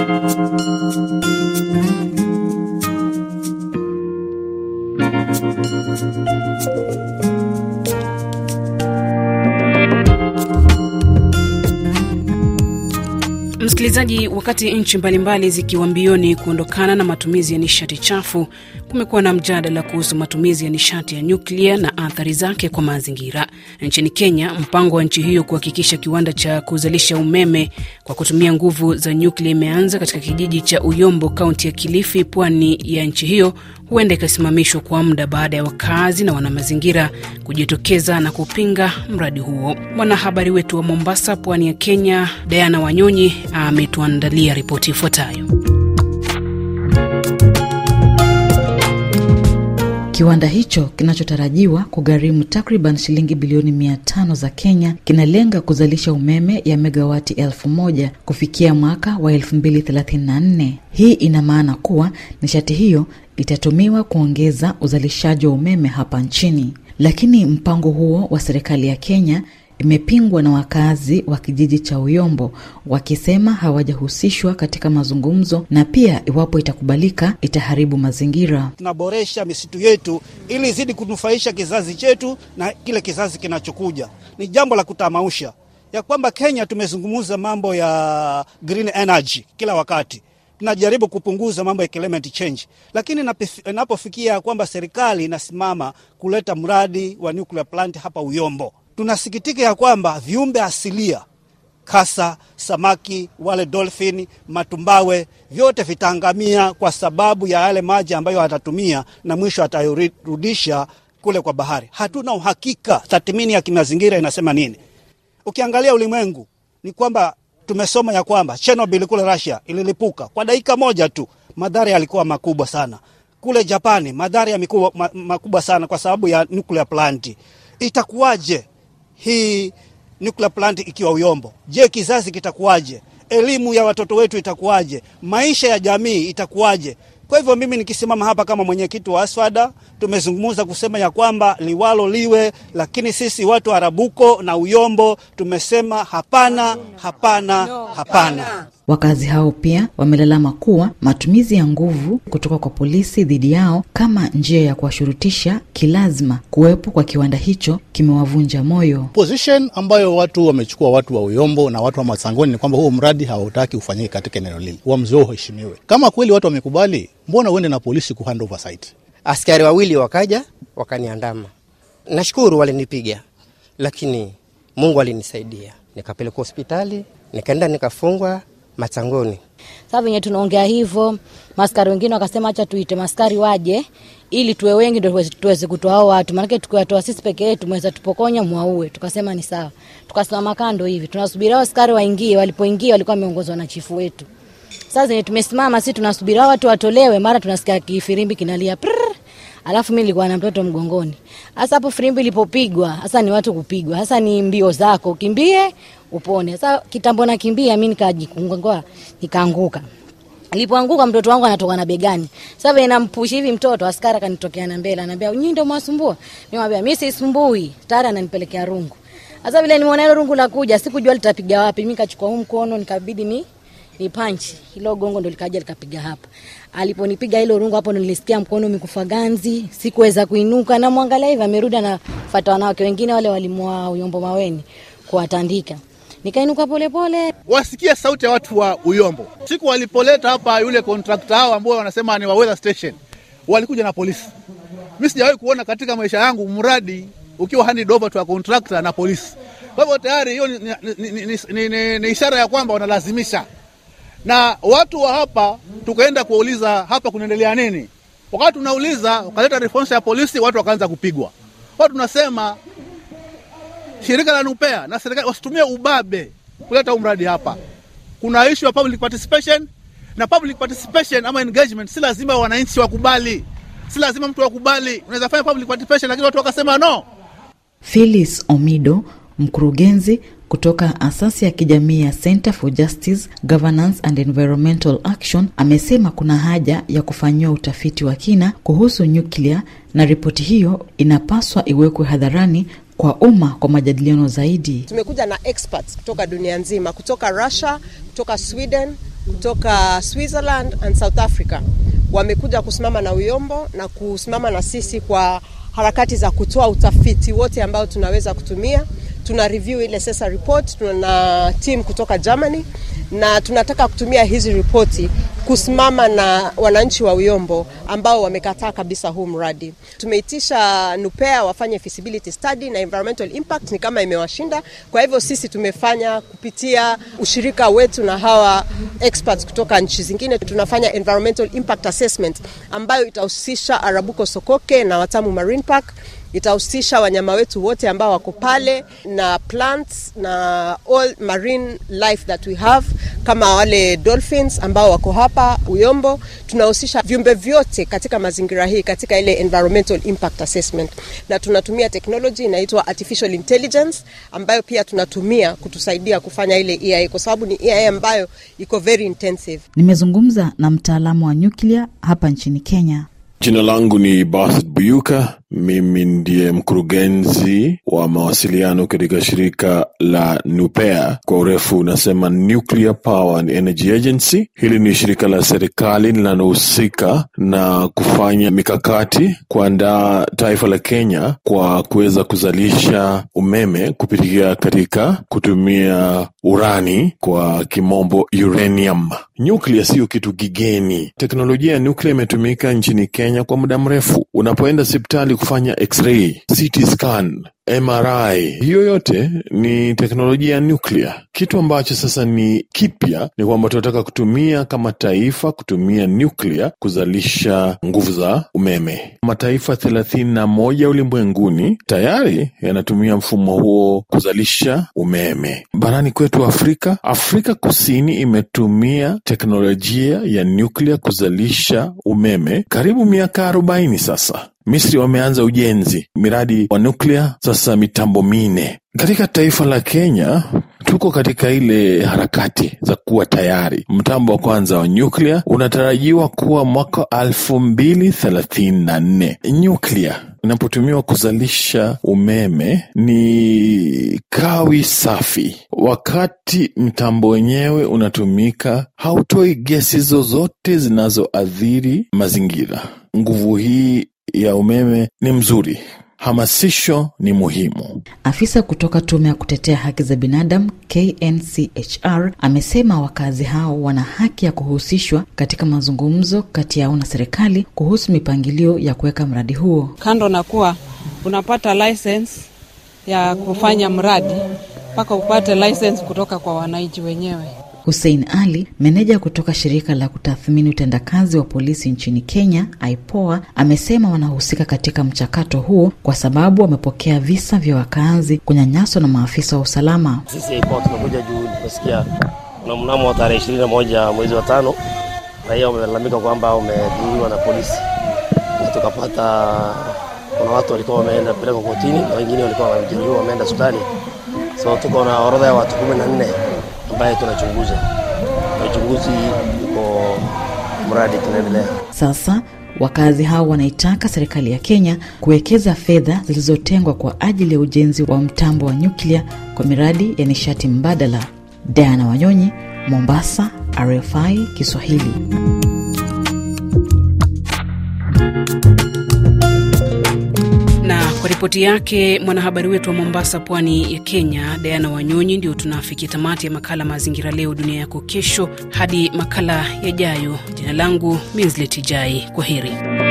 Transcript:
Thank you. Msikilizaji, wakati nchi mbalimbali zikiwa mbioni kuondokana na matumizi ya nishati chafu, kumekuwa na mjadala kuhusu matumizi ya nishati ya nyuklia na athari zake kwa mazingira. Nchini Kenya, mpango wa nchi hiyo kuhakikisha kiwanda cha kuzalisha umeme kwa kutumia nguvu za nyuklia imeanza katika kijiji cha Uyombo, kaunti ya Kilifi, pwani ya nchi hiyo, huenda ikasimamishwa kwa muda baada ya wakazi na wanamazingira kujitokeza na kupinga mradi huo. Mwanahabari wetu wa Mombasa, pwani ya Kenya, Diana Wanyonyi ametuandalia ripoti ifuatayo. Kiwanda hicho kinachotarajiwa kugharimu takriban shilingi bilioni 5 za Kenya kinalenga kuzalisha umeme ya megawati 1 kufikia mwaka wa 234 Hii ina maana kuwa nishati hiyo itatumiwa kuongeza uzalishaji wa umeme hapa nchini, lakini mpango huo wa serikali ya Kenya imepingwa na wakazi wa kijiji cha Uyombo wakisema hawajahusishwa katika mazungumzo, na pia iwapo itakubalika itaharibu mazingira. Tunaboresha misitu yetu ili izidi kunufaisha kizazi chetu na kile kizazi kinachokuja. Ni jambo la kutamausha ya kwamba Kenya tumezungumza mambo ya green energy kila wakati tunajaribu kupunguza mambo ya climate change, lakini inapofikia kwamba serikali inasimama kuleta mradi wa nuclear plant hapa Uyombo, tunasikitika ya kwamba viumbe asilia kasa, samaki, wale dolphin, matumbawe vyote vitaangamia kwa sababu ya yale maji ambayo atatumia na mwisho atarudisha kule kwa bahari. Hatuna uhakika, tathmini ya kimazingira inasema nini? Ukiangalia ulimwengu ni kwamba tumesoma ya kwamba Chernobyl kule Russia ililipuka kwa dakika moja tu, madhara yalikuwa makubwa sana. Kule Japani madhara yamekuwa makubwa sana kwa sababu ya nuclear plant. Itakuwaje hii nuclear plant ikiwa Uyombo? Je, kizazi kitakuwaje? Elimu ya watoto wetu itakuwaje? Maisha ya jamii itakuwaje? Kwa hivyo mimi nikisimama hapa kama mwenyekiti wa Aswada, tumezungumza kusema ya kwamba liwalo liwe, lakini sisi watu Arabuko na Uyombo tumesema hapana, hapana, hapana. Wakazi hao pia wamelalama kuwa matumizi ya nguvu kutoka kwa polisi dhidi yao kama njia ya kuwashurutisha kilazima kuwepo kwa kiwanda hicho kimewavunja moyo. Position ambayo watu wamechukua, watu wa Uyombo na watu wa Masangoni, ni kwamba huo mradi hawataki ufanyike katika eneo lile, uamuzi huo uheshimiwe. Kama kweli watu wamekubali, mbona uende na polisi kuhand over site? Askari wawili wakaja wakaniandama, nashukuru walinipiga, lakini Mungu alinisaidia, nikapelekwa hospitali, nikaenda nikafungwa Matsangoni. Sasa venye tunaongea hivyo, maskari wengine wakasema acha tuite maskari waje ili tuwe wengi ndo tuweze kutoa hao watu, maanake tukiwatoa sisi peke yetu mweza tupokonya mwaue. Tukasema ni sawa, tukasimama kando hivi tunasubiri hao askari waingie. Walipoingia walikuwa wameongozwa na chifu wetu. Sasa zenye tumesimama sisi tunasubiri hao watu watolewe, mara tunasikia kifirimbi kinalia prrr alafu mi nilikuwa na mtoto mgongoni. Hasa hapo filimbi ilipopigwa, hasa ni watu kupigwa, hasa ni mbio zako, kimbie upone. Sasa kitambo na kimbia, mimi nikajikunga, nikaanguka. Nilipoanguka mtoto wangu anatoka na begani. Sasa inampushi hivi mtoto askari akanitokea na mbele anaambia "Nyinyi ndio mwasumbua?" Nikamwambia, mi sisumbui." Tayari ananipelekea rungu. Sasa vile nimeona hilo rungu la kuja, sikujua litapiga wapi. mi kachukua huu mkono nikabidi ni ni punch, hilo gongo ndo likaja likapiga hapa. Aliponipiga hilo rungu hapo, nilisikia mkono mikufa ganzi, sikuweza kuinuka. Namwangalia hivi amerudi, anafuata wanawake wengine wale walimwa Uyombo Maweni kuwatandika nikainuka polepole, wasikia sauti ya watu wa Uyombo. Siku walipoleta hapa yule kontrakta hao ambao wanasema ni wa weather station, walikuja na polisi. Mi sijawahi kuona katika maisha yangu mradi ukiwa hani handidova tu ya kontrakta na polisi. Kwa hivyo tayari hiyo ni, ni, ni, ni, ni, ni, ni ishara ya kwamba wanalazimisha na watu wa hapa tukaenda kuwauliza hapa kunaendelea nini. Wakati tunauliza wakaleta response ya polisi, watu wakaanza kupigwa. Watu tunasema shirika la Nupea na serikali wasitumie ubabe kuleta umradi hapa. Kuna issue ya public participation na public participation ama engagement, si lazima wananchi wakubali, si lazima mtu wakubali. Unaweza fanya public participation, lakini watu wakasema no. Phyllis Omido mkurugenzi kutoka asasi ya kijamii ya Center for Justice, Governance and Environmental Action amesema kuna haja ya kufanyiwa utafiti wa kina kuhusu nyuklia na ripoti hiyo inapaswa iwekwe hadharani kwa umma kwa majadiliano zaidi. Tumekuja na experts kutoka dunia nzima, kutoka Russia, kutoka Sweden, kutoka Switzerland and South Africa. Wamekuja kusimama na Uyombo na kusimama na sisi kwa harakati za kutoa utafiti wote ambao tunaweza kutumia tuna review ile sasa report. Tuna team kutoka Germany na tunataka kutumia hizi ripoti kusimama na wananchi wa Uyombo ambao wamekataa kabisa huu mradi. Tumeitisha NUPEA wafanye feasibility study na environmental impact, ni kama imewashinda. Kwa hivyo sisi tumefanya kupitia ushirika wetu na hawa experts kutoka nchi zingine, tunafanya environmental impact assessment ambayo itahusisha Arabuko Sokoke na Watamu Marine Park itahusisha wanyama wetu wote ambao wako pale na plants na all marine life that we have, kama wale dolphins ambao wako hapa Uyombo. Tunahusisha viumbe vyote katika mazingira hii katika ile environmental impact assessment, na tunatumia technology inaitwa artificial intelligence ambayo pia tunatumia kutusaidia kufanya ile EIA, kwa sababu ni EIA ambayo iko very intensive. Nimezungumza na mtaalamu wa nyuklia hapa nchini Kenya. Jina langu ni bath Buyuka. Mimi ndiye mkurugenzi wa mawasiliano katika shirika la NUPEA, kwa urefu unasema Nuclear Power and Energy Agency. Hili ni shirika la serikali linalohusika na kufanya mikakati kuandaa taifa la Kenya kwa kuweza kuzalisha umeme kupitia katika kutumia urani, kwa kimombo uranium. Nyuklia siyo kitu kigeni. Teknolojia ya nyuklia imetumika nchini Kenya kwa muda mrefu. Unapoenda sipitali kufanya x-ray, CT scan, MRI. Hiyo yote ni teknolojia ya nuclear. Kitu ambacho sasa ni kipya ni kwamba tunataka kutumia kama taifa, kutumia nuclear kuzalisha nguvu za umeme. Mataifa thelathini na moja ulimwenguni tayari yanatumia mfumo huo kuzalisha umeme. Barani kwetu Afrika, Afrika Kusini imetumia teknolojia ya nuclear kuzalisha umeme karibu miaka arobaini sasa. Misri wameanza ujenzi miradi wa nuklia sasa mitambo mine. Katika taifa la Kenya tuko katika ile harakati za kuwa tayari. Mtambo wa kwanza wa nyuklia unatarajiwa kuwa mwaka elfu mbili thelathini na nne. Nyuklia inapotumiwa kuzalisha umeme ni kawi safi. Wakati mtambo wenyewe unatumika, hautoi gesi zozote zinazoathiri mazingira. Nguvu hii ya umeme ni mzuri. Hamasisho ni muhimu. Afisa kutoka tume ya kutetea haki za binadamu KNCHR amesema wakazi hao wana haki ya kuhusishwa katika mazungumzo kati yao na serikali kuhusu mipangilio ya kuweka mradi huo. Kando na kuwa unapata license ya kufanya mradi, mpaka upate license kutoka kwa wananchi wenyewe. Hussein Ali, meneja kutoka shirika la kutathmini utendakazi wa polisi nchini Kenya, aipoa amesema wanahusika katika mchakato huo kwa sababu wamepokea visa vya wakazi kunyanyaswa na maafisa wa usalama. Sisi aipoa tumekuja juu tumesikia kuna mnamo wa tarehe ishirini na moja mwezi wa tano raia wamelalamika kwamba wamezuiwa na polisi na tukapata kuna watu walikuwa wameenda pelekwa kotini na wengine walikuwa wamejeruhiwa wameenda hospitali, so tuko na orodha ya watu kumi na nne ambaye tunachunguza. Uchunguzi uko mradi tunaendelea sasa. Wakazi hao wanaitaka serikali ya Kenya kuwekeza fedha zilizotengwa kwa ajili ya ujenzi wa mtambo wa nyuklia kwa miradi ya nishati mbadala. Diana Wanyonyi, Mombasa, RFI Kiswahili. ripoti yake mwanahabari wetu wa Mombasa, pwani ya Kenya, Diana Wanyonyi. Ndio tunafikia tamati ya makala Mazingira Leo Dunia Yako Kesho. Hadi makala yajayo, jina langu Minzleti Jai, kwa heri.